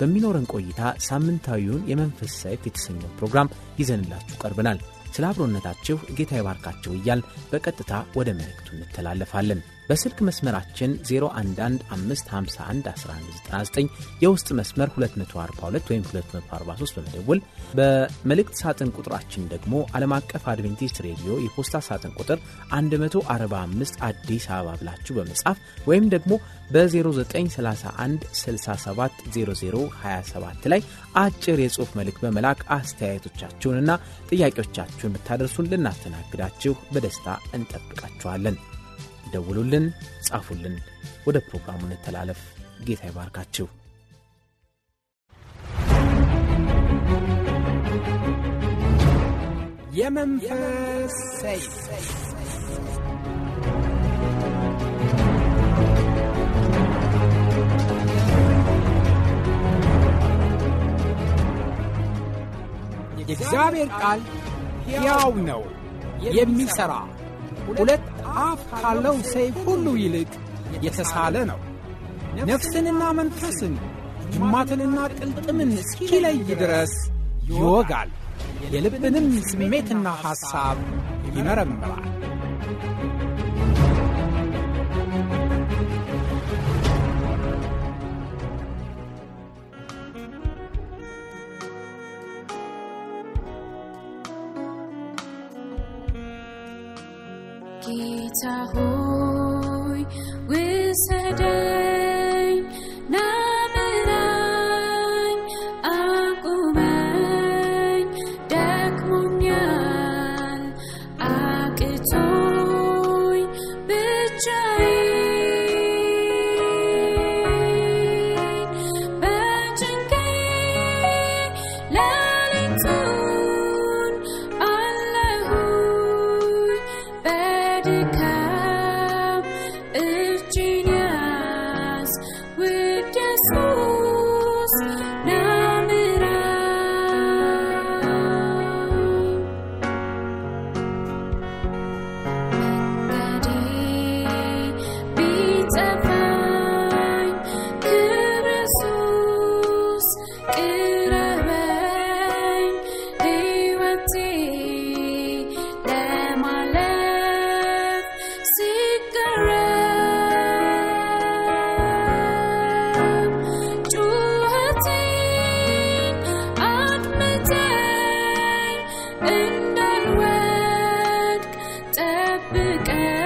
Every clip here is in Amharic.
በሚኖረን ቆይታ ሳምንታዊውን የመንፈስ ሳይት የተሰኘው ፕሮግራም ይዘንላችሁ ቀርበናል። ስለ አብሮነታችሁ ጌታ ይባርካችሁ እያል በቀጥታ ወደ መልእክቱ እንተላለፋለን። በስልክ መስመራችን 0115511199 የውስጥ መስመር 242 ወይም 243 በመደወል በመልእክት ሳጥን ቁጥራችን ደግሞ ዓለም አቀፍ አድቬንቲስት ሬዲዮ የፖስታ ሳጥን ቁጥር 145 አዲስ አበባ ብላችሁ በመጻፍ ወይም ደግሞ በ0931 670027 ላይ አጭር የጽሑፍ መልእክት በመላክ አስተያየቶቻችሁንና ጥያቄዎቻችሁን ብታደርሱን ልናስተናግዳችሁ በደስታ እንጠብቃችኋለን። ደውሉልን፣ ጻፉልን። ወደ ፕሮግራሙ እንተላለፍ። ጌታ ይባርካችሁ። የመንፈስ የእግዚአብሔር ቃል ሕያው ነው፣ የሚሠራ ሁለት አፍ ካለው ሰይፍ ሁሉ ይልቅ የተሳለ ነው። ነፍስንና መንፈስን ጅማትንና ቅልጥምን እስኪለይ ድረስ ይወጋል፣ የልብንም ስሜትና ሐሳብ ይመረምራል። ጌታ ሆይ 不敢。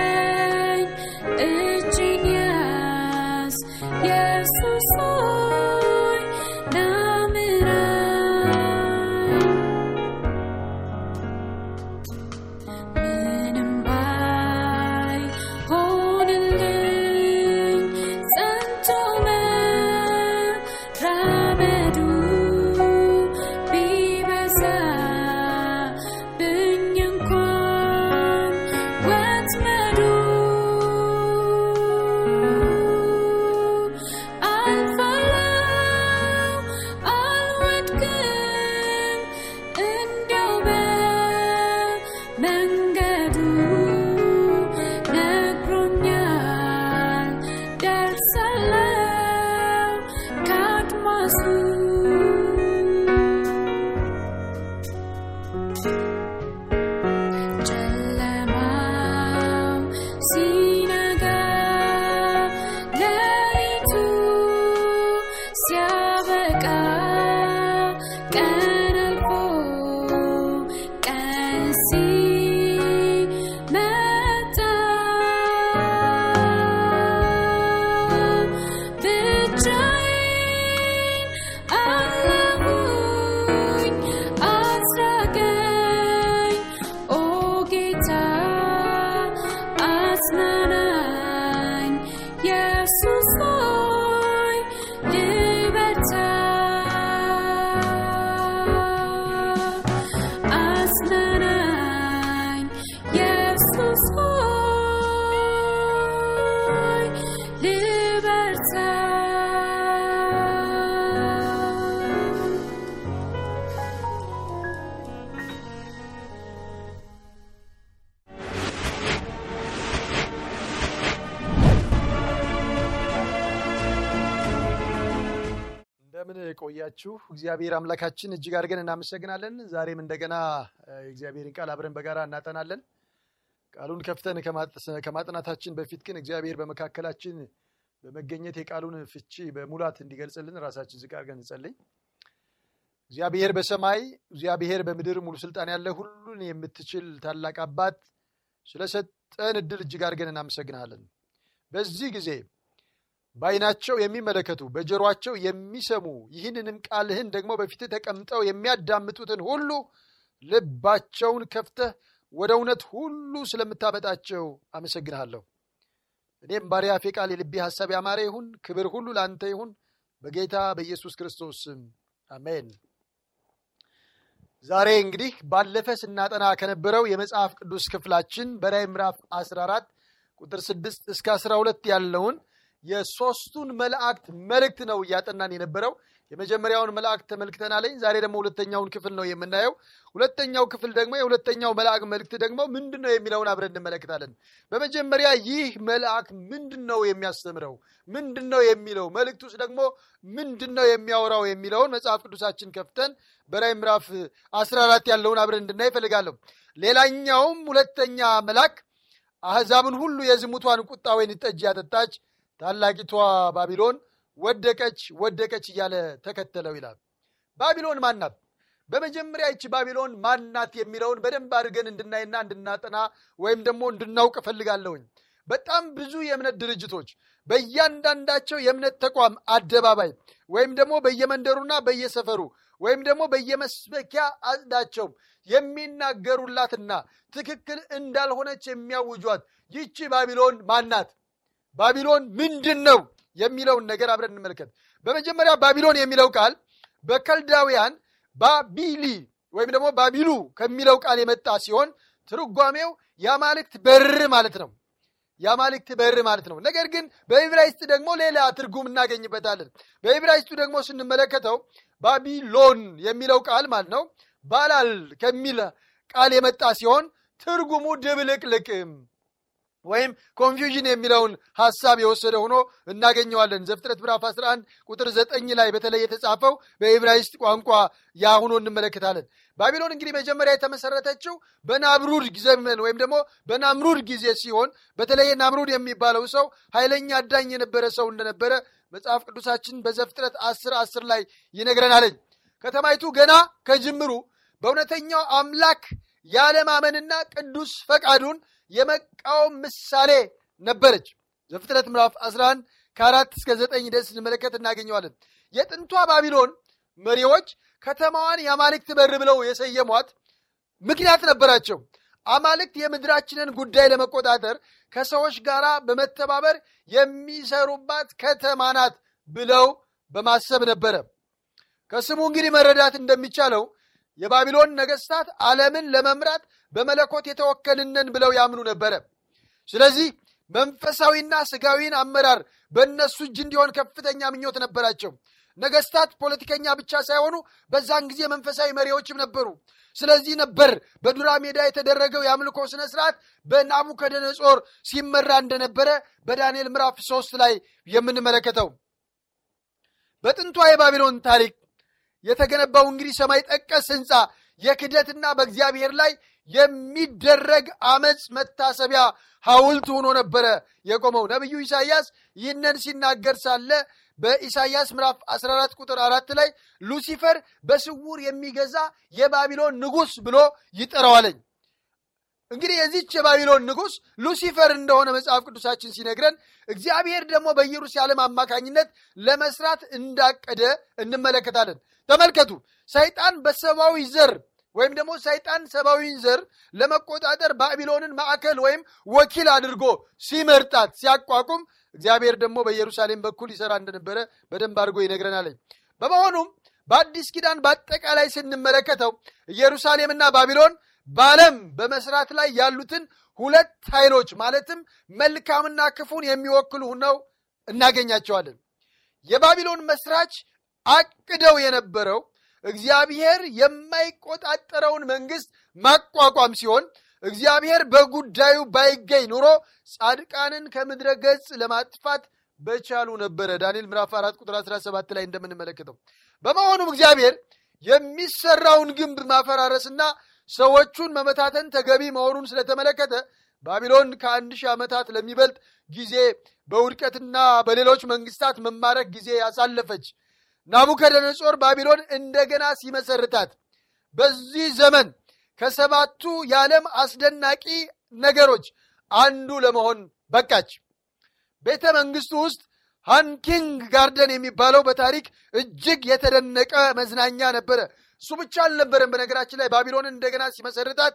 ቆያችሁ። እግዚአብሔር አምላካችን እጅግ አድርገን እናመሰግናለን። ዛሬም እንደገና የእግዚአብሔርን ቃል አብረን በጋራ እናጠናለን። ቃሉን ከፍተን ከማጥናታችን በፊት ግን እግዚአብሔር በመካከላችን በመገኘት የቃሉን ፍቺ በሙላት እንዲገልጽልን ራሳችን ዝቅ አድርገን እንጸልይ። እግዚአብሔር በሰማይ እግዚአብሔር በምድር ሙሉ ስልጣን ያለ ሁሉን የምትችል ታላቅ አባት ስለሰጠን እድል እጅግ አድርገን እናመሰግናለን። በዚህ ጊዜ በዓይናቸው የሚመለከቱ በጆሯቸው የሚሰሙ ይህንንም ቃልህን ደግሞ በፊት ተቀምጠው የሚያዳምጡትን ሁሉ ልባቸውን ከፍተህ ወደ እውነት ሁሉ ስለምታመጣቸው አመሰግናለሁ። እኔም ባሪያፌ ቃል የልቤ ሐሳብ ያማረ ይሁን። ክብር ሁሉ ለአንተ ይሁን በጌታ በኢየሱስ ክርስቶስ አሜን። ዛሬ እንግዲህ ባለፈ ስናጠና ከነበረው የመጽሐፍ ቅዱስ ክፍላችን በራዕይ ምዕራፍ 14 ቁጥር 6 እስከ 12 ያለውን የሦስቱን መላእክት መልእክት ነው እያጠናን የነበረው። የመጀመሪያውን መልአክ ተመልክተናለኝ። ዛሬ ደግሞ ሁለተኛውን ክፍል ነው የምናየው። ሁለተኛው ክፍል ደግሞ የሁለተኛው መልአክ መልክት ደግሞ ምንድን ነው የሚለውን አብረን እንመለከታለን። በመጀመሪያ ይህ መልአክ ምንድን ነው የሚያስተምረው? ምንድን ነው የሚለው? ውስጥ ደግሞ ምንድን ነው የሚያወራው የሚለውን መጽሐፍ ቅዱሳችን ከፍተን በራይ ምራፍ 14 ያለውን አብረን እንድናይ ይፈልጋለሁ ሌላኛውም ሁለተኛ መልአክ አህዛብን ሁሉ የዝሙቷን ቁጣ ወይን ጠጅ ያጠጣች ታላቂቷ ባቢሎን ወደቀች ወደቀች እያለ ተከተለው ይላል። ባቢሎን ማናት? በመጀመሪያ ይቺ ባቢሎን ማናት የሚለውን በደንብ አድርገን እንድናይና እንድናጠና ወይም ደግሞ እንድናውቅ እፈልጋለሁኝ። በጣም ብዙ የእምነት ድርጅቶች በእያንዳንዳቸው የእምነት ተቋም አደባባይ ወይም ደግሞ በየመንደሩና በየሰፈሩ ወይም ደግሞ በየመስበኪያ አጽዳቸው የሚናገሩላትና ትክክል እንዳልሆነች የሚያውጇት ይቺ ባቢሎን ማናት? ባቢሎን ምንድን ነው የሚለውን ነገር አብረን እንመልከት። በመጀመሪያ ባቢሎን የሚለው ቃል በከልዳውያን ባቢሊ ወይም ደግሞ ባቢሉ ከሚለው ቃል የመጣ ሲሆን ትርጓሜው የአማልክት በር ማለት ነው። የአማልክት በር ማለት ነው። ነገር ግን በዕብራይስጥ ደግሞ ሌላ ትርጉም እናገኝበታለን። በዕብራይስጡ ደግሞ ስንመለከተው ባቢሎን የሚለው ቃል ማለት ነው ባላል ከሚል ቃል የመጣ ሲሆን ትርጉሙ ድብልቅልቅም ወይም ኮንፊውዥን የሚለውን ሐሳብ የወሰደ ሆኖ እናገኘዋለን። ዘፍጥረት ምዕራፍ 11 ቁጥር 9 ላይ በተለይ የተጻፈው በኢብራይስጥ ቋንቋ ያ ሆኖ እንመለከታለን። ባቢሎን እንግዲህ መጀመሪያ የተመሰረተችው በናምሩድ ዘመን ወይም ደግሞ በናምሩድ ጊዜ ሲሆን በተለይ ናምሩድ የሚባለው ሰው ኃይለኛ አዳኝ የነበረ ሰው እንደነበረ መጽሐፍ ቅዱሳችን በዘፍጥረት አስር አስር ላይ ይነግረናለኝ። ከተማይቱ ገና ከጅምሩ በእውነተኛው አምላክ ያለማመንና ቅዱስ ፈቃዱን የመቃወም ምሳሌ ነበረች። ዘፍጥረት ምራፍ 11 ከአራት እስከ ዘጠኝ ደስ ንመለከት እናገኘዋለን። የጥንቷ ባቢሎን መሪዎች ከተማዋን የአማልክት በር ብለው የሰየሟት ምክንያት ነበራቸው። አማልክት የምድራችንን ጉዳይ ለመቆጣጠር ከሰዎች ጋር በመተባበር የሚሰሩባት ከተማናት ብለው በማሰብ ነበረ። ከስሙ እንግዲህ መረዳት እንደሚቻለው የባቢሎን ነገስታት ዓለምን ለመምራት በመለኮት የተወከልነን ብለው ያምኑ ነበረ። ስለዚህ መንፈሳዊና ስጋዊን አመራር በእነሱ እጅ እንዲሆን ከፍተኛ ምኞት ነበራቸው። ነገስታት ፖለቲከኛ ብቻ ሳይሆኑ በዛን ጊዜ መንፈሳዊ መሪዎችም ነበሩ። ስለዚህ ነበር በዱራ ሜዳ የተደረገው የአምልኮ ስነ ስርዓት በናቡከደነጾር ሲመራ እንደነበረ በዳንኤል ምዕራፍ ሶስት ላይ የምንመለከተው በጥንቷ የባቢሎን ታሪክ የተገነባው እንግዲህ ሰማይ ጠቀስ ህንፃ የክደትና በእግዚአብሔር ላይ የሚደረግ አመፅ መታሰቢያ ሐውልት ሆኖ ነበረ የቆመው። ነቢዩ ኢሳይያስ ይህንን ሲናገር ሳለ በኢሳይያስ ምዕራፍ 14 ቁጥር አራት ላይ ሉሲፈር በስውር የሚገዛ የባቢሎን ንጉሥ ብሎ ይጠራዋለኝ። እንግዲህ የዚች የባቢሎን ንጉሥ ሉሲፈር እንደሆነ መጽሐፍ ቅዱሳችን ሲነግረን እግዚአብሔር ደግሞ በኢየሩሳሌም አማካኝነት ለመስራት እንዳቀደ እንመለከታለን። ተመልከቱ፣ ሰይጣን በሰብአዊ ዘር ወይም ደግሞ ሰይጣን ሰብአዊን ዘር ለመቆጣጠር ባቢሎንን ማዕከል ወይም ወኪል አድርጎ ሲመርጣት ሲያቋቁም እግዚአብሔር ደግሞ በኢየሩሳሌም በኩል ይሰራ እንደነበረ በደንብ አድርጎ ይነግረናል። በመሆኑም በአዲስ ኪዳን በአጠቃላይ ስንመለከተው ኢየሩሳሌምና ባቢሎን በዓለም በመስራት ላይ ያሉትን ሁለት ኃይሎች ማለትም መልካምና ክፉን የሚወክሉ ሆነው እናገኛቸዋለን። የባቢሎን መስራች አቅደው የነበረው እግዚአብሔር የማይቆጣጠረውን መንግስት ማቋቋም ሲሆን እግዚአብሔር በጉዳዩ ባይገኝ ኑሮ ጻድቃንን ከምድረ ገጽ ለማጥፋት በቻሉ ነበረ። ዳንኤል ምዕራፍ 4 ቁጥር 17 ላይ እንደምንመለከተው። በመሆኑም እግዚአብሔር የሚሰራውን ግንብ ማፈራረስና ሰዎቹን መመታተን ተገቢ መሆኑን ስለተመለከተ ባቢሎን ከአንድ ሺህ ዓመታት ለሚበልጥ ጊዜ በውድቀትና በሌሎች መንግስታት መማረክ ጊዜ ያሳለፈች ናቡከደነጾር ባቢሎን እንደገና ሲመሰርታት በዚህ ዘመን ከሰባቱ የዓለም አስደናቂ ነገሮች አንዱ ለመሆን በቃች። ቤተ መንግስቱ ውስጥ ሃንኪንግ ጋርደን የሚባለው በታሪክ እጅግ የተደነቀ መዝናኛ ነበረ። እሱ ብቻ አልነበረም። በነገራችን ላይ ባቢሎንን እንደገና ሲመሰርታት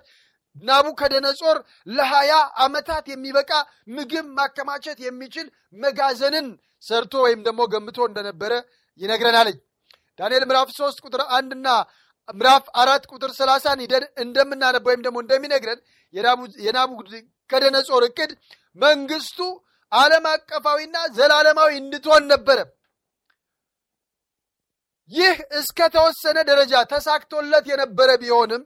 ናቡከደነጾር ለሀያ ዓመታት የሚበቃ ምግብ ማከማቸት የሚችል መጋዘንን ሰርቶ ወይም ደግሞ ገምቶ እንደነበረ ይነግረናል። ዳንኤል ምራፍ 3 ቁጥር አንድና ምራፍ አራት ቁጥር ሰላሳን ሂደን እንደምናነበ ወይም ደግሞ እንደሚነግረን የናቡከደነጾር እቅድ መንግስቱ ዓለም አቀፋዊና ዘላለማዊ እንድትሆን ነበረ። ይህ እስከ ተወሰነ ደረጃ ተሳክቶለት የነበረ ቢሆንም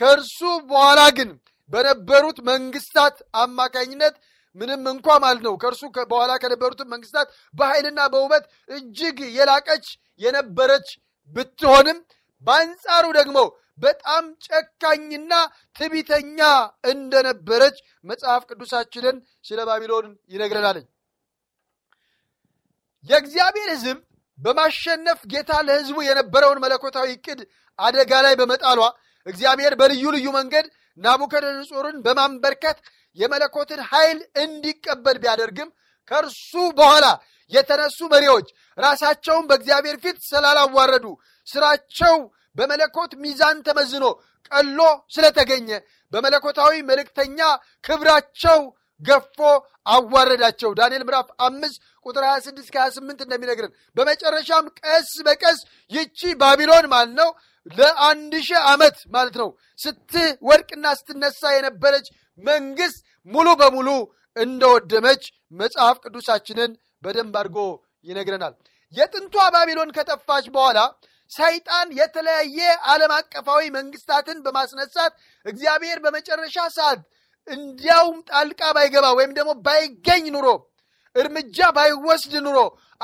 ከእርሱ በኋላ ግን በነበሩት መንግስታት አማካኝነት ምንም እንኳ ማለት ነው ከእርሱ በኋላ ከነበሩት መንግስታት በኃይልና በውበት እጅግ የላቀች የነበረች ብትሆንም በአንጻሩ ደግሞ በጣም ጨካኝና ትቢተኛ እንደነበረች መጽሐፍ ቅዱሳችንን ስለ ባቢሎን ይነግረናል። የእግዚአብሔር ሕዝብ በማሸነፍ ጌታ ለሕዝቡ የነበረውን መለኮታዊ እቅድ አደጋ ላይ በመጣሏ እግዚአብሔር በልዩ ልዩ መንገድ ናቡከደነጾርን በማንበርከት የመለኮትን ኃይል እንዲቀበል ቢያደርግም ከእርሱ በኋላ የተነሱ መሪዎች ራሳቸውን በእግዚአብሔር ፊት ስላላዋረዱ ስራቸው በመለኮት ሚዛን ተመዝኖ ቀሎ ስለተገኘ በመለኮታዊ መልእክተኛ ክብራቸው ገፎ አዋረዳቸው። ዳንኤል ምዕራፍ አምስት ቁጥር 26 ከ28 እንደሚነግርን በመጨረሻም ቀስ በቀስ ይቺ ባቢሎን ማለት ነው ለአንድ ሺህ ዓመት ማለት ነው ስትወድቅና ስትነሳ የነበረች መንግስት ሙሉ በሙሉ እንደወደመች መጽሐፍ ቅዱሳችንን በደንብ አድርጎ ይነግረናል። የጥንቷ ባቢሎን ከጠፋች በኋላ ሰይጣን የተለያየ ዓለም አቀፋዊ መንግስታትን በማስነሳት እግዚአብሔር በመጨረሻ ሰዓት እንዲያውም ጣልቃ ባይገባ ወይም ደግሞ ባይገኝ ኑሮ እርምጃ ባይወስድ ኑሮ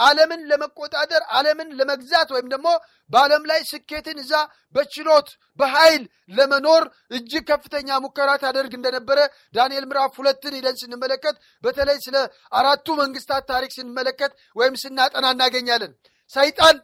ዓለምን ለመቆጣጠር ዓለምን ለመግዛት ወይም ደግሞ በዓለም ላይ ስኬትን እዛ በችሎት በኃይል ለመኖር እጅግ ከፍተኛ ሙከራ ታደርግ እንደነበረ ዳንኤል ምዕራፍ ሁለትን ሂደን ስንመለከት በተለይ ስለ አራቱ መንግስታት ታሪክ ስንመለከት ወይም ስናጠና እናገኛለን። ሰይጣን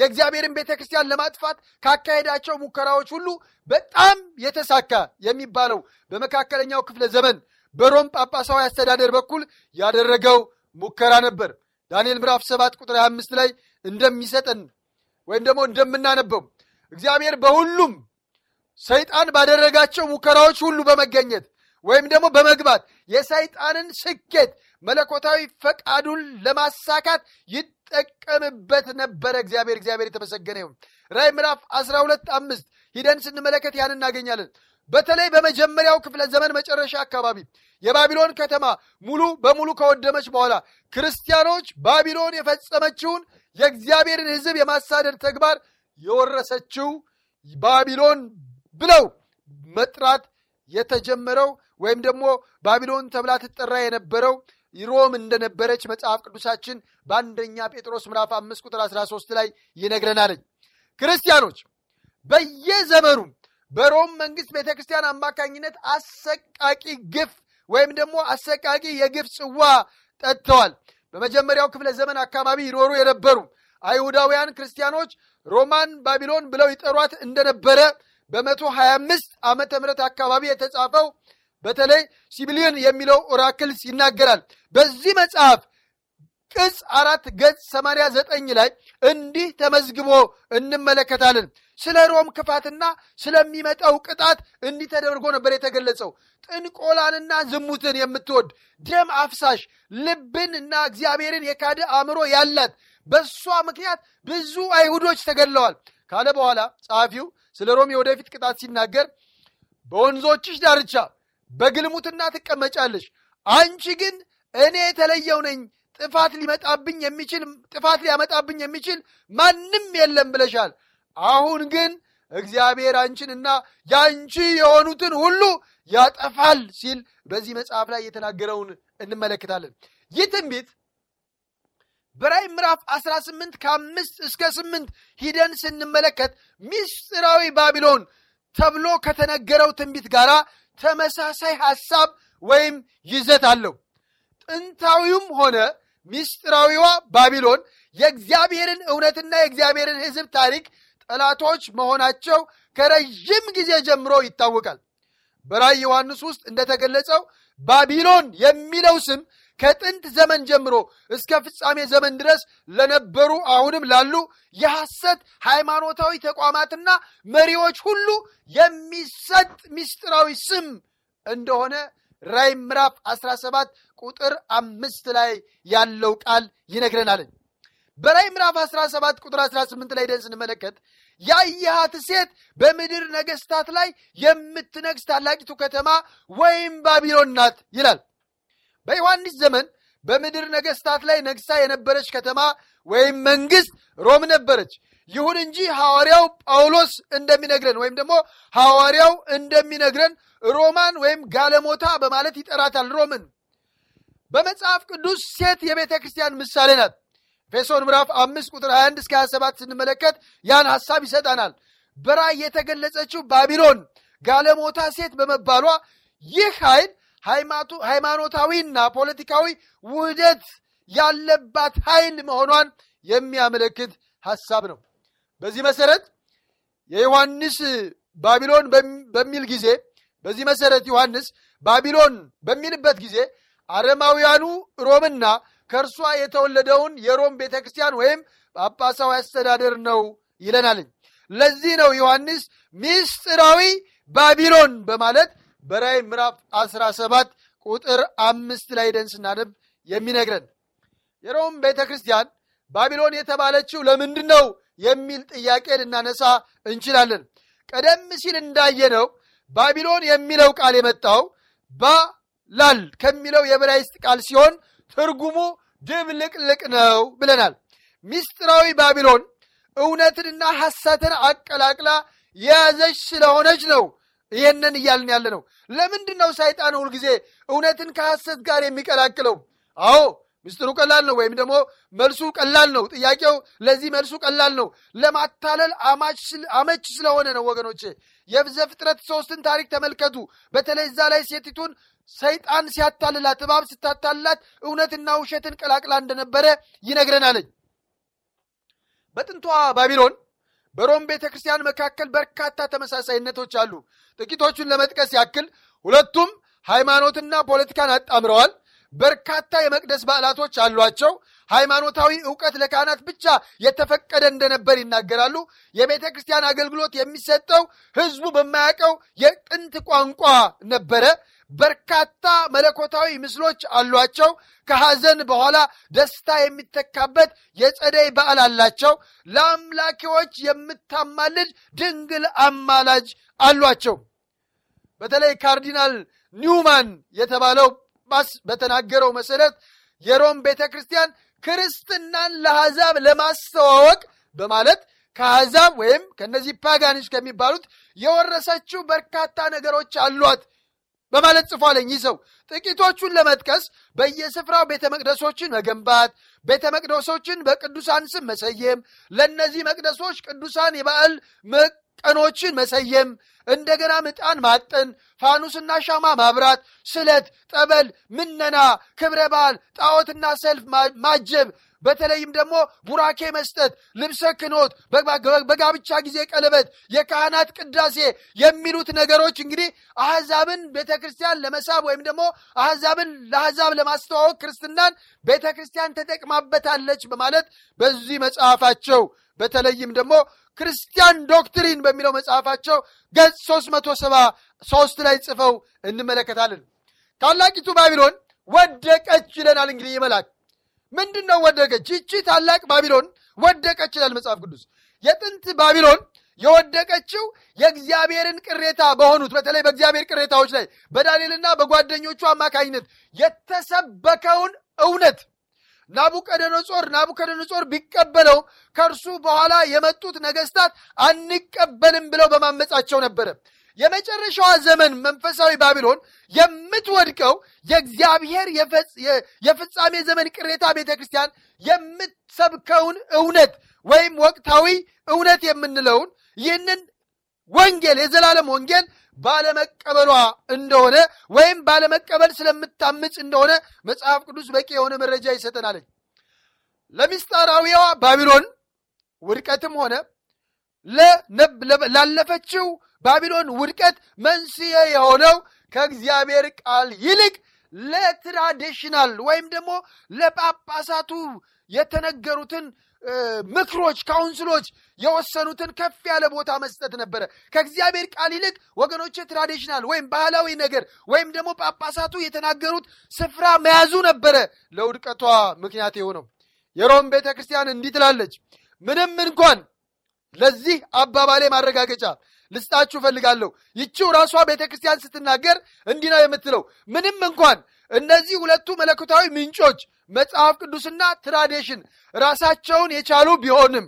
የእግዚአብሔርን ቤተ ክርስቲያን ለማጥፋት ካካሄዳቸው ሙከራዎች ሁሉ በጣም የተሳካ የሚባለው በመካከለኛው ክፍለ ዘመን በሮም ጳጳሳዊ አስተዳደር በኩል ያደረገው ሙከራ ነበር። ዳንኤል ምራፍ 7 ቁጥር 25 ላይ እንደሚሰጠን ወይም ደግሞ እንደምናነበው እግዚአብሔር በሁሉም ሰይጣን ባደረጋቸው ሙከራዎች ሁሉ በመገኘት ወይም ደግሞ በመግባት የሰይጣንን ስኬት መለኮታዊ ፈቃዱን ለማሳካት ይጠቀምበት ነበረ። እግዚአብሔር እግዚአብሔር የተመሰገነ ይሁን። ራይ ምዕራፍ አስራ ሁለት አምስት ሂደን ስንመለከት ያን እናገኛለን። በተለይ በመጀመሪያው ክፍለ ዘመን መጨረሻ አካባቢ የባቢሎን ከተማ ሙሉ በሙሉ ከወደመች በኋላ ክርስቲያኖች ባቢሎን የፈጸመችውን የእግዚአብሔርን ህዝብ የማሳደድ ተግባር የወረሰችው ባቢሎን ብለው መጥራት የተጀመረው ወይም ደግሞ ባቢሎን ተብላ ትጠራ የነበረው ሮም እንደነበረች መጽሐፍ ቅዱሳችን በአንደኛ ጴጥሮስ ምራፍ አምስት ቁጥር 13 ላይ ይነግረናል። ክርስቲያኖች በየዘመኑ በሮም መንግስት ቤተ ክርስቲያን አማካኝነት አሰቃቂ ግፍ ወይም ደግሞ አሰቃቂ የግፍ ጽዋ ጠጥተዋል። በመጀመሪያው ክፍለ ዘመን አካባቢ ይኖሩ የነበሩ አይሁዳውያን ክርስቲያኖች ሮማን ባቢሎን ብለው ይጠሯት እንደነበረ በመቶ 25 ዓመተ ምህረት አካባቢ የተጻፈው በተለይ ሲቢሊዮን የሚለው ኦራክልስ ይናገራል። በዚህ መጽሐፍ ቅጽ አራት ገጽ ሰማንያ ዘጠኝ ላይ እንዲህ ተመዝግቦ እንመለከታለን። ስለ ሮም ክፋትና ስለሚመጣው ቅጣት እንዲህ ተደርጎ ነበር የተገለጸው። ጥንቆላንና ዝሙትን የምትወድ ደም አፍሳሽ ልብን እና እግዚአብሔርን የካደ አእምሮ ያላት በእሷ ምክንያት ብዙ አይሁዶች ተገድለዋል ካለ በኋላ ጸሐፊው ስለ ሮም የወደፊት ቅጣት ሲናገር በወንዞችሽ ዳርቻ በግልሙትና ትቀመጫለሽ። አንቺ ግን እኔ የተለየው ነኝ፣ ጥፋት ሊመጣብኝ የሚችል ጥፋት ሊያመጣብኝ የሚችል ማንም የለም ብለሻል። አሁን ግን እግዚአብሔር አንቺንና የአንቺ የሆኑትን ሁሉ ያጠፋል ሲል በዚህ መጽሐፍ ላይ የተናገረውን እንመለከታለን። ይህ ትንቢት በራይ ምዕራፍ 18 ከአምስት እስከ ስምንት ሂደን ስንመለከት ሚስጢራዊ ባቢሎን ተብሎ ከተነገረው ትንቢት ጋር ተመሳሳይ ሐሳብ ወይም ይዘት አለው። ጥንታዊውም ሆነ ምስጢራዊዋ ባቢሎን የእግዚአብሔርን እውነትና የእግዚአብሔርን ህዝብ ታሪክ ጠላቶች መሆናቸው ከረዥም ጊዜ ጀምሮ ይታወቃል። በራይ ዮሐንስ ውስጥ እንደተገለጸው ባቢሎን የሚለው ስም ከጥንት ዘመን ጀምሮ እስከ ፍጻሜ ዘመን ድረስ ለነበሩ አሁንም ላሉ የሐሰት ሃይማኖታዊ ተቋማትና መሪዎች ሁሉ የሚሰጥ ምስጢራዊ ስም እንደሆነ ራይ ምዕራፍ 17 ቁጥር አምስት ላይ ያለው ቃል ይነግረናል። በራይ ምዕራፍ 17 ቁጥር 18 ላይ ደን ስንመለከት ያየሃት ሴት በምድር ነገስታት ላይ የምትነግስ ታላቂቱ ከተማ ወይም ባቢሎን ናት ይላል። በዮሐንስ ዘመን በምድር ነገስታት ላይ ነግሳ የነበረች ከተማ ወይም መንግስት ሮም ነበረች። ይሁን እንጂ ሐዋርያው ጳውሎስ እንደሚነግረን ወይም ደግሞ ሐዋርያው እንደሚነግረን ሮማን ወይም ጋለሞታ በማለት ይጠራታል። ሮምን በመጽሐፍ ቅዱስ ሴት የቤተ ክርስቲያን ምሳሌ ናት። ኤፌሶን ምዕራፍ አምስት ቁጥር 21 እስከ 27 ስንመለከት ያን ሐሳብ ይሰጠናል። በራእይ የተገለጸችው ባቢሎን ጋለሞታ ሴት በመባሏ ይህ ኃይል ሃይማኖታዊና ፖለቲካዊ ውህደት ያለባት ኃይል መሆኗን የሚያመለክት ሐሳብ ነው። በዚህ መሰረት የዮሐንስ ባቢሎን በሚል ጊዜ በዚህ መሰረት ዮሐንስ ባቢሎን በሚልበት ጊዜ አረማውያኑ ሮምና ከእርሷ የተወለደውን የሮም ቤተ ክርስቲያን ወይም ጳጳሳዊ አስተዳደር ነው ይለናልኝ። ለዚህ ነው ዮሐንስ ሚስጥራዊ ባቢሎን በማለት በራይ ምዕራፍ 17 ቁጥር አምስት ላይ ደን ስናነብ የሚነግረን የሮም ቤተ ክርስቲያን ባቢሎን የተባለችው ለምንድን ነው የሚል ጥያቄ ልናነሳ እንችላለን። ቀደም ሲል እንዳየነው ባቢሎን የሚለው ቃል የመጣው ባላል ከሚለው የዕብራይስጥ ቃል ሲሆን ትርጉሙ ድብልቅልቅ ነው ብለናል። ሚስጥራዊ ባቢሎን እውነትንና ሐሰትን አቀላቅላ የያዘች ስለሆነች ነው ይህንን እያልን ያለ ነው። ለምንድን ነው ሰይጣን ሁልጊዜ እውነትን ከሐሰት ጋር የሚቀላቅለው? አዎ ምስጢሩ ቀላል ነው፣ ወይም ደግሞ መልሱ ቀላል ነው። ጥያቄው ለዚህ መልሱ ቀላል ነው። ለማታለል አመች ስለሆነ ነው። ወገኖቼ ፍጥረት ሶስትን ታሪክ ተመልከቱ። በተለይ እዛ ላይ ሴቲቱን ሰይጣን ሲያታልላት፣ እባብ ስታታልላት እውነትና ውሸትን ቀላቅላ እንደነበረ ይነግረናለኝ። በጥንቷ ባቢሎን በሮም ቤተ ክርስቲያን መካከል በርካታ ተመሳሳይነቶች አሉ። ጥቂቶቹን ለመጥቀስ ያክል ሁለቱም ሃይማኖትና ፖለቲካን አጣምረዋል። በርካታ የመቅደስ በዓላቶች አሏቸው። ሃይማኖታዊ እውቀት ለካህናት ብቻ የተፈቀደ እንደነበር ይናገራሉ። የቤተ ክርስቲያን አገልግሎት የሚሰጠው ህዝቡ በማያውቀው የጥንት ቋንቋ ነበረ። በርካታ መለኮታዊ ምስሎች አሏቸው። ከሐዘን በኋላ ደስታ የሚተካበት የጸደይ በዓል አላቸው። ለአምላኪዎች የምታማልድ ድንግል አማላጅ አሏቸው። በተለይ ካርዲናል ኒውማን የተባለው ጳጳስ በተናገረው መሰረት የሮም ቤተ ክርስቲያን ክርስትናን ለአሕዛብ ለማስተዋወቅ በማለት ከአሕዛብ ወይም ከእነዚህ ፓጋኒች ከሚባሉት የወረሰችው በርካታ ነገሮች አሏት በማለት ጽፏለኝ። ይህ ሰው ጥቂቶቹን ለመጥቀስ በየስፍራው ቤተ መቅደሶችን መገንባት፣ ቤተ መቅደሶችን በቅዱሳን ስም መሰየም፣ ለእነዚህ መቅደሶች ቅዱሳን የበዓል ቀኖችን መሰየም፣ እንደገና ምጣን ማጠን፣ ፋኑስና ሻማ ማብራት፣ ስለት፣ ጠበል፣ ምነና፣ ክብረ በዓል፣ ጣዖትና ሰልፍ ማጀብ በተለይም ደግሞ ቡራኬ መስጠት፣ ልብሰ ክኖት፣ በጋብቻ ጊዜ ቀለበት፣ የካህናት ቅዳሴ የሚሉት ነገሮች እንግዲህ አህዛብን ቤተ ክርስቲያን ለመሳብ ወይም ደግሞ አህዛብን ለአህዛብ ለማስተዋወቅ ክርስትናን ቤተ ክርስቲያን ተጠቅማበታለች በማለት በዚህ መጽሐፋቸው በተለይም ደግሞ ክርስቲያን ዶክትሪን በሚለው መጽሐፋቸው ገጽ 373 ላይ ጽፈው እንመለከታለን። ታላቂቱ ባቢሎን ወደቀች ይለናል። እንግዲህ ይመላክ ምንድን ነው ወደቀች? ይቺ ታላቅ ባቢሎን ወደቀች ይላል መጽሐፍ ቅዱስ። የጥንት ባቢሎን የወደቀችው የእግዚአብሔርን ቅሬታ በሆኑት በተለይ በእግዚአብሔር ቅሬታዎች ላይ በዳንኤልና በጓደኞቹ አማካኝነት የተሰበከውን እውነት ናቡከደነጾር ናቡከደነጾር ቢቀበለው ከእርሱ በኋላ የመጡት ነገስታት አንቀበልም ብለው በማመጻቸው ነበረ። የመጨረሻዋ ዘመን መንፈሳዊ ባቢሎን የምትወድቀው የእግዚአብሔር የፍጻሜ ዘመን ቅሬታ ቤተ ክርስቲያን የምትሰብከውን እውነት ወይም ወቅታዊ እውነት የምንለውን ይህንን ወንጌል የዘላለም ወንጌል ባለመቀበሏ እንደሆነ ወይም ባለመቀበል ስለምታምፅ እንደሆነ መጽሐፍ ቅዱስ በቂ የሆነ መረጃ ይሰጠናል። ለሚስጠራዊዋ ባቢሎን ውድቀትም ሆነ ላለፈችው ባቢሎን ውድቀት መንስኤ የሆነው ከእግዚአብሔር ቃል ይልቅ ለትራዲሽናል ወይም ደግሞ ለጳጳሳቱ የተነገሩትን ምክሮች፣ ካውንስሎች የወሰኑትን ከፍ ያለ ቦታ መስጠት ነበረ። ከእግዚአብሔር ቃል ይልቅ ወገኖች ትራዲሽናል ወይም ባህላዊ ነገር ወይም ደግሞ ጳጳሳቱ የተናገሩት ስፍራ መያዙ ነበረ ለውድቀቷ ምክንያት የሆነው። የሮም ቤተ ክርስቲያን እንዲህ ትላለች። ምንም እንኳን ለዚህ አባባሌ ማረጋገጫ ልስጣችሁ እፈልጋለሁ። ይቺው ራሷ ቤተ ክርስቲያን ስትናገር እንዲህ ነው የምትለው ምንም እንኳን እነዚህ ሁለቱ መለኮታዊ ምንጮች መጽሐፍ ቅዱስና ትራዲሽን ራሳቸውን የቻሉ ቢሆንም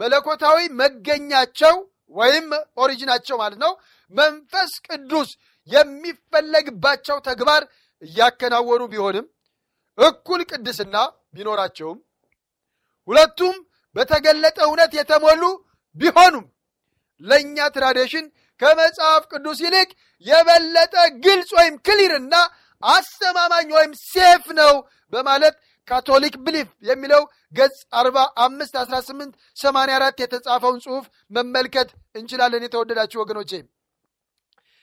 መለኮታዊ መገኛቸው ወይም ኦሪጂናቸው ማለት ነው መንፈስ ቅዱስ የሚፈለግባቸው ተግባር እያከናወኑ ቢሆንም እኩል ቅድስና ቢኖራቸውም ሁለቱም በተገለጠ እውነት የተሞሉ ቢሆኑም ለእኛ ትራዲሽን ከመጽሐፍ ቅዱስ ይልቅ የበለጠ ግልጽ ወይም ክሊርና አስተማማኝ ወይም ሴፍ ነው በማለት ካቶሊክ ብሊፍ የሚለው ገጽ 45 18 84 የተጻፈውን ጽሑፍ መመልከት እንችላለን። የተወደዳችሁ ወገኖቼ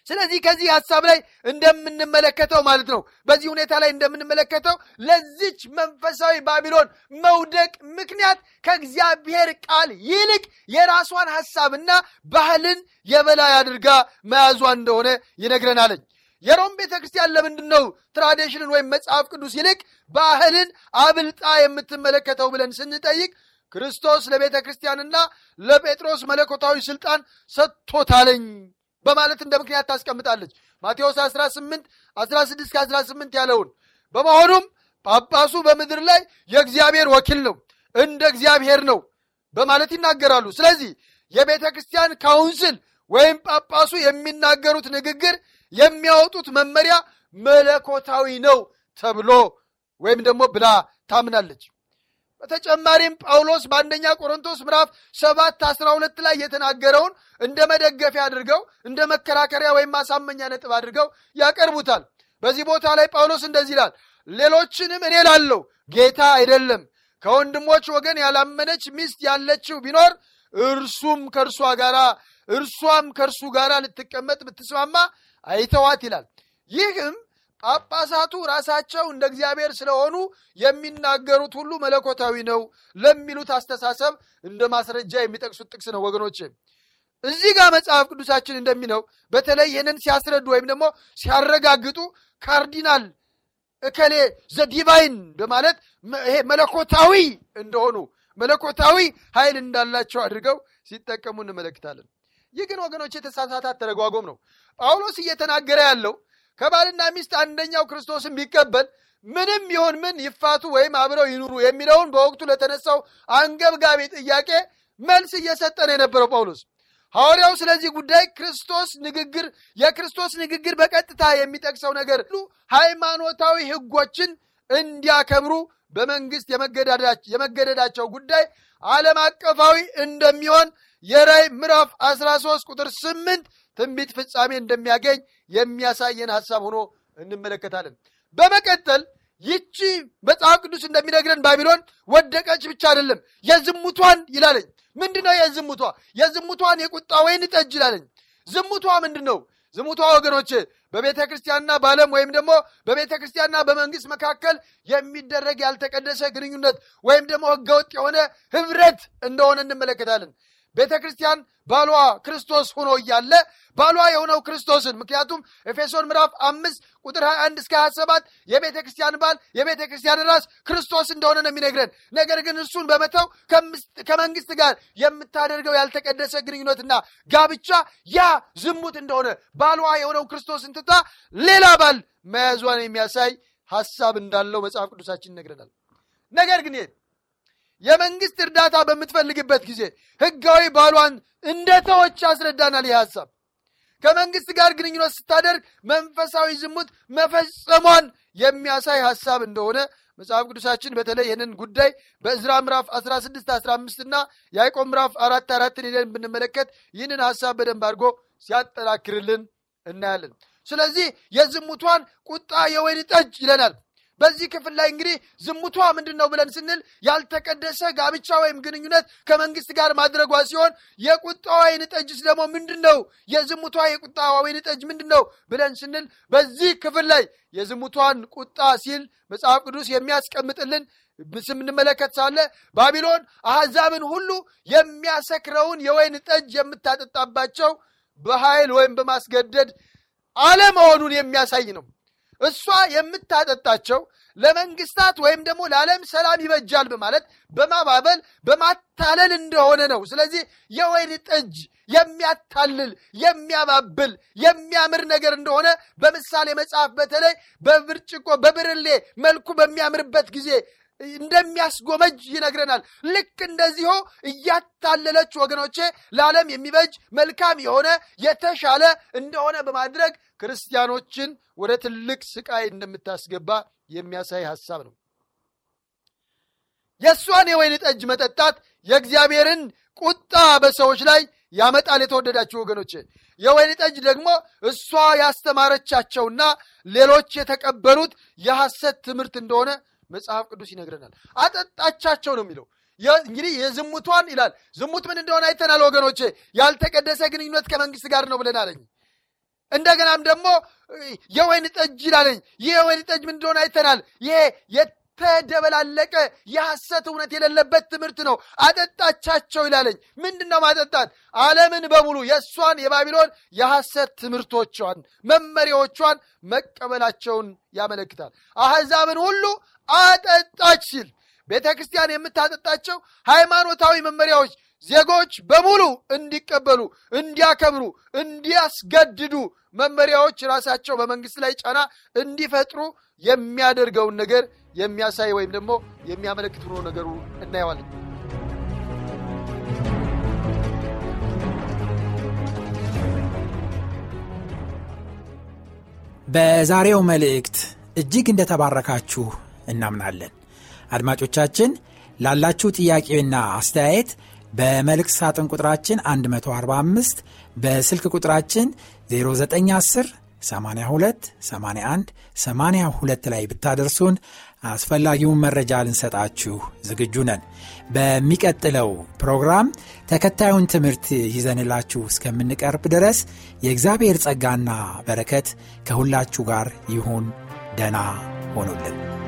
ስለዚህ ከዚህ ሀሳብ ላይ እንደምንመለከተው ማለት ነው፣ በዚህ ሁኔታ ላይ እንደምንመለከተው ለዚች መንፈሳዊ ባቢሎን መውደቅ ምክንያት ከእግዚአብሔር ቃል ይልቅ የራሷን ሀሳብና ባህልን የበላይ አድርጋ መያዟ እንደሆነ ይነግረናለች። የሮም ቤተ ክርስቲያን ለምንድን ነው ትራዲሽንን ወይም መጽሐፍ ቅዱስ ይልቅ ባህልን አብልጣ የምትመለከተው ብለን ስንጠይቅ ክርስቶስ ለቤተ ክርስቲያንና ለጴጥሮስ መለኮታዊ ስልጣን ሰጥቶታለኝ በማለት እንደ ምክንያት ታስቀምጣለች። ማቴዎስ 18 16 18 ያለውን በመሆኑም ጳጳሱ በምድር ላይ የእግዚአብሔር ወኪል ነው፣ እንደ እግዚአብሔር ነው በማለት ይናገራሉ። ስለዚህ የቤተ ክርስቲያን ካውንስል ወይም ጳጳሱ የሚናገሩት ንግግር የሚያወጡት መመሪያ መለኮታዊ ነው ተብሎ ወይም ደግሞ ብላ ታምናለች። በተጨማሪም ጳውሎስ በአንደኛ ቆሮንቶስ ምዕራፍ ሰባት አስራ ሁለት ላይ የተናገረውን እንደ መደገፊያ አድርገው እንደ መከራከሪያ ወይም ማሳመኛ ነጥብ አድርገው ያቀርቡታል። በዚህ ቦታ ላይ ጳውሎስ እንደዚህ ይላል፣ ሌሎችንም እኔ ላለው ጌታ አይደለም ከወንድሞች ወገን ያላመነች ሚስት ያለችው ቢኖር እርሱም ከእርሷ ጋር እርሷም ከእርሱ ጋር ልትቀመጥ ብትስማማ አይተዋት ይላል። ይህም ጳጳሳቱ ራሳቸው እንደ እግዚአብሔር ስለሆኑ የሚናገሩት ሁሉ መለኮታዊ ነው ለሚሉት አስተሳሰብ እንደ ማስረጃ የሚጠቅሱት ጥቅስ ነው ወገኖች። እዚህ ጋር መጽሐፍ ቅዱሳችን እንደሚለው በተለይ ይህንን ሲያስረዱ ወይም ደግሞ ሲያረጋግጡ ካርዲናል እከሌ ዲቫይን በማለት ይሄ መለኮታዊ እንደሆኑ መለኮታዊ ኃይል እንዳላቸው አድርገው ሲጠቀሙ እንመለክታለን። ይህ ግን ወገኖች የተሳሳተ አተረጓጎም ነው። ጳውሎስ እየተናገረ ያለው ከባልና ሚስት አንደኛው ክርስቶስን ቢቀበል ምንም ይሁን ምን ይፋቱ ወይም አብረው ይኑሩ የሚለውን በወቅቱ ለተነሳው አንገብጋቢ ጥያቄ መልስ እየሰጠ ነው የነበረው ጳውሎስ። ሐዋርያው ስለዚህ ጉዳይ ክርስቶስ ንግግር የክርስቶስ ንግግር በቀጥታ የሚጠቅሰው ነገር ሁሉ ሃይማኖታዊ ህጎችን እንዲያከብሩ በመንግስት የመገደዳቸው ጉዳይ ዓለም አቀፋዊ እንደሚሆን የራይ ምዕራፍ 13 ቁጥር 8 ትንቢት ፍጻሜ እንደሚያገኝ የሚያሳየን ሐሳብ ሆኖ እንመለከታለን። በመቀጠል ይቺ መጽሐፍ ቅዱስ እንደሚነግረን ባቢሎን ወደቀች ብቻ አይደለም፣ የዝሙቷን ይላለኝ። ምንድነው የዝሙቷ? የዝሙቷን የቁጣ ወይን ጠጅ ይላለኝ። ዝሙቷ ምንድን ነው? ዝሙቷ ወገኖች በቤተ ክርስቲያንና በዓለም ወይም ደግሞ በቤተ ክርስቲያንና በመንግስት መካከል የሚደረግ ያልተቀደሰ ግንኙነት ወይም ደግሞ ህገወጥ የሆነ ህብረት እንደሆነ እንመለከታለን። ቤተ ክርስቲያን ባሏ ክርስቶስ ሆኖ እያለ ባሏ የሆነው ክርስቶስን ምክንያቱም ኤፌሶን ምዕራፍ አምስት ቁጥር 21 እስከ 27 የቤተ ክርስቲያን ባል የቤተ ክርስቲያን ራስ ክርስቶስ እንደሆነ ነው የሚነግረን። ነገር ግን እሱን በመተው ከመንግስት ጋር የምታደርገው ያልተቀደሰ ግንኙነትና ጋብቻ ያ ዝሙት እንደሆነ ባሏ የሆነው ክርስቶስን ትታ ሌላ ባል መያዟን የሚያሳይ ሀሳብ እንዳለው መጽሐፍ ቅዱሳችን ይነግረናል። ነገር ግን የመንግስት እርዳታ በምትፈልግበት ጊዜ ህጋዊ ባሏን እንደተወች ያስረዳናል። ይህ ሀሳብ ከመንግስት ጋር ግንኙነት ስታደርግ መንፈሳዊ ዝሙት መፈጸሟን የሚያሳይ ሀሳብ እንደሆነ መጽሐፍ ቅዱሳችን በተለይ ይህንን ጉዳይ በእዝራ ምዕራፍ 16 15 እና ያዕቆብ ምዕራፍ አራት አራትን ሄደን ብንመለከት ይህንን ሀሳብ በደንብ አድርጎ ሲያጠናክርልን እናያለን። ስለዚህ የዝሙቷን ቁጣ የወይን ጠጅ ይለናል። በዚህ ክፍል ላይ እንግዲህ ዝሙቷ ምንድን ነው ብለን ስንል ያልተቀደሰ ጋብቻ ወይም ግንኙነት ከመንግስት ጋር ማድረጓ ሲሆን የቁጣዋ ወይን ጠጅስ ደግሞ ምንድን ነው? የዝሙቷ የቁጣ ወይን ጠጅ ምንድን ነው ብለን ስንል በዚህ ክፍል ላይ የዝሙቷን ቁጣ ሲል መጽሐፍ ቅዱስ የሚያስቀምጥልን ስምንመለከት ሳለ ባቢሎን አሕዛብን ሁሉ የሚያሰክረውን የወይን ጠጅ የምታጠጣባቸው በኃይል ወይም በማስገደድ አለመሆኑን የሚያሳይ ነው። እሷ የምታጠጣቸው ለመንግስታት ወይም ደግሞ ለዓለም ሰላም ይበጃል በማለት በማባበል በማታለል እንደሆነ ነው። ስለዚህ የወይን ጠጅ የሚያታልል የሚያባብል የሚያምር ነገር እንደሆነ በምሳሌ መጽሐፍ በተለይ በብርጭቆ በብርሌ መልኩ በሚያምርበት ጊዜ እንደሚያስጎመጅ ይነግረናል። ልክ እንደዚሁ እያታለለች ወገኖቼ ለዓለም የሚበጅ መልካም የሆነ የተሻለ እንደሆነ በማድረግ ክርስቲያኖችን ወደ ትልቅ ስቃይ እንደምታስገባ የሚያሳይ ሐሳብ ነው። የእሷን የወይን ጠጅ መጠጣት የእግዚአብሔርን ቁጣ በሰዎች ላይ ያመጣል። የተወደዳችሁ ወገኖች፣ የወይን ጠጅ ደግሞ እሷ ያስተማረቻቸውና ሌሎች የተቀበሉት የሐሰት ትምህርት እንደሆነ መጽሐፍ ቅዱስ ይነግረናል። አጠጣቻቸው ነው የሚለው እንግዲህ የዝሙቷን ይላል። ዝሙት ምን እንደሆነ አይተናል ወገኖቼ። ያልተቀደሰ ግንኙነት ከመንግስት ጋር ነው ብለን አለኝ። እንደገናም ደግሞ የወይን ጠጅ ይላለኝ። ይህ የወይን ጠጅ ምን እንደሆነ አይተናል። ይሄ የተደበላለቀ የሐሰት እውነት የሌለበት ትምህርት ነው። አጠጣቻቸው ይላለኝ። ምንድን ነው ማጠጣት? ዓለምን በሙሉ የእሷን የባቢሎን የሐሰት ትምህርቶቿን፣ መመሪያዎቿን መቀበላቸውን ያመለክታል። አሕዛብን ሁሉ አጠጣች ሲል ቤተ ክርስቲያን የምታጠጣቸው ሃይማኖታዊ መመሪያዎች ዜጎች በሙሉ እንዲቀበሉ፣ እንዲያከብሩ፣ እንዲያስገድዱ መመሪያዎች ራሳቸው በመንግስት ላይ ጫና እንዲፈጥሩ የሚያደርገውን ነገር የሚያሳይ ወይም ደግሞ የሚያመለክት ሆኖ ነገሩ እናየዋለን። በዛሬው መልእክት እጅግ እንደተባረካችሁ እናምናለን። አድማጮቻችን ላላችሁ ጥያቄና አስተያየት በመልእክት ሳጥን ቁጥራችን 145 በስልክ ቁጥራችን 0910 82 81 82 ላይ ብታደርሱን አስፈላጊውን መረጃ ልንሰጣችሁ ዝግጁ ነን። በሚቀጥለው ፕሮግራም ተከታዩን ትምህርት ይዘንላችሁ እስከምንቀርብ ድረስ የእግዚአብሔር ጸጋና በረከት ከሁላችሁ ጋር ይሁን። ደና ሆኖልን